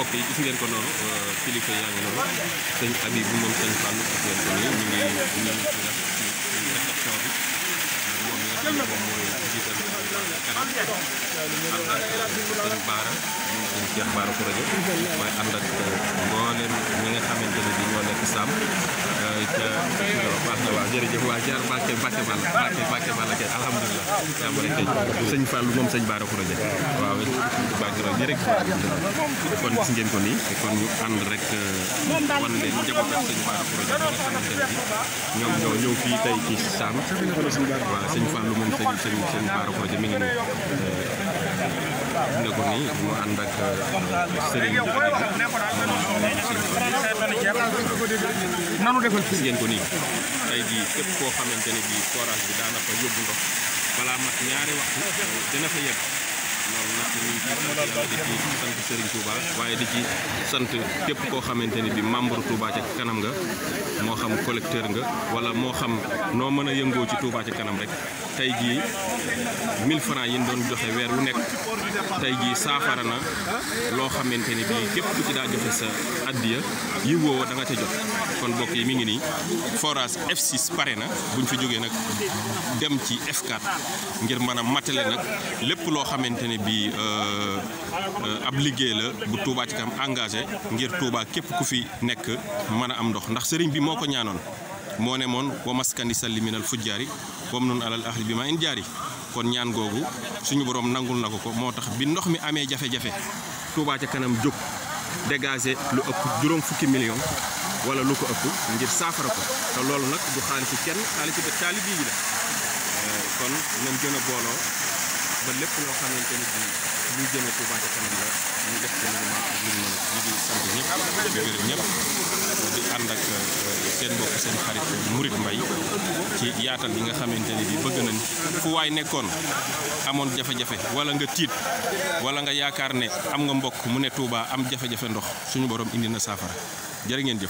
mbokk yi gis ngeen ko noonu euh, kilifa yaa ngi noonu sëñ Habib bu moom sëñ Fall gis ngeen ko ñu ngi ñu ngi réception bi moom mi nga xam ne moom mooy jiital kanam ànd ak Baara moom sëñ Cheikh Baara Kouradio waaye ànd ak euh, Jadi waa jaar pakai Mbacke Balla Mbacke Mbacke Balla kay alhamdulilah yaa bëri tey sëñ Fallou moom sëñ Baara Kuraja waaw Mbacke Rajo rek kon gis ngeen ko nii kon ñu ànd rek wan leen njaboot ak sëñ Baara Kuraja bi nga ñoo ñëw fii ci Sam mi ngi ko mu ak nanu defal fii ngeen ko nii ay jii képp koo xamante ne bii forage bi daanaka yóbbu ndox balaa mat ñaari waxtu dina fa yegg loolu nag ñu ngi ciy sant yàlla di ci sant Serigne Touba waaye di ci sant képp koo xamante ne bi membre Touba ca kanam nga moo xam collecteur nga wala moo xam noo mën a yëngoo ci Touba ca kanam rek tey jii 1000 francs yi ñu doon joxe weer wu nekk tey jii saafara na loo xamante ni bii képp ku ci daa joxe sa addiya yi woowa da ca jot kon mbokk yi mi ngi nii forage F6 pare na buñ fi jógee nag dem ci f ngir mën a matale nag lépp loo xamante ne bii euh, euh, ab liggéey la bu Touba ci kam engagé ngir Touba képp ku fi nekk mën a am ndox ndax sëriñ bi moo ko ñaanoon moo ne moon wa maskani salli minal fujjaari wam nun alal ahli bi ma in jaari kon ñaan googu suñu boroom nangul na ko ko moo tax bi ndox mi amee jafe-jafe Touba ca kanam jóg dégager lu ëpp juróom fukki million wala lu ko ëpp ngir saafara ko te loolu nag du xaalisu kenn xaalisu ba taali bii la euh, kon nañ gën a booloo ba lépp loo xamante ni bi luy jëmee Touba ca kanam la ñu def ci lu di gërëm di ànd ak seen mbokk seen xarit Mouride Mbaye ci yaatal bi nga xamante ni bi bëgg nañ fu waay nekkoon amoon jafe-jafe wala nga tiit wala nga yaakaar ne am nga mbokk mu ne tuubaa am jafe-jafe ndox suñu borom indi na saafara jërë ngeen jëf